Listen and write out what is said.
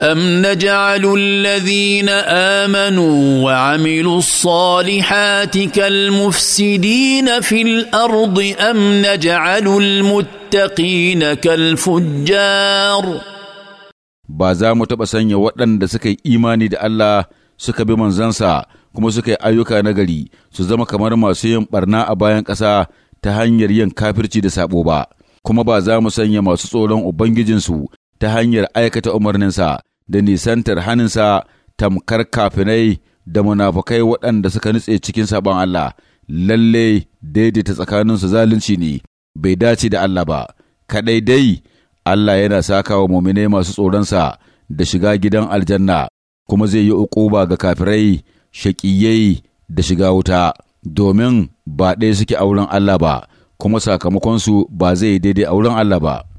أم نجعل الذين آمنوا وعملوا الصالحات كالمفسدين في الأرض أم نجعل المتقين كالفجار ba za mu taɓa sanya waɗanda suka yi imani da Allah suka bi manzansa kuma suka yi ayyuka na gari su zama kamar masu yin ɓarna a bayan ƙasa ta hanyar yin kafirci da saɓo ba, kuma ba za mu sanya masu tsoron Ubangijinsu ta hanyar aikata umarninsa da nisantar hannunsa tamkar kafinai da munafukai waɗanda suka nutse cikin sabon Allah, lalle daidaita tsakaninsu zalunci ne, bai dace da Allah ba, kaɗai dai Allah yana saka wa muminai masu tsoronsa da shiga gidan aljanna, kuma zai yi uquba ga kafirai, shaƙiyai da shiga wuta, domin ba ɗaya suke auren Allah ba, kuma sakamakonsu ba zai daidai auren Allah ba.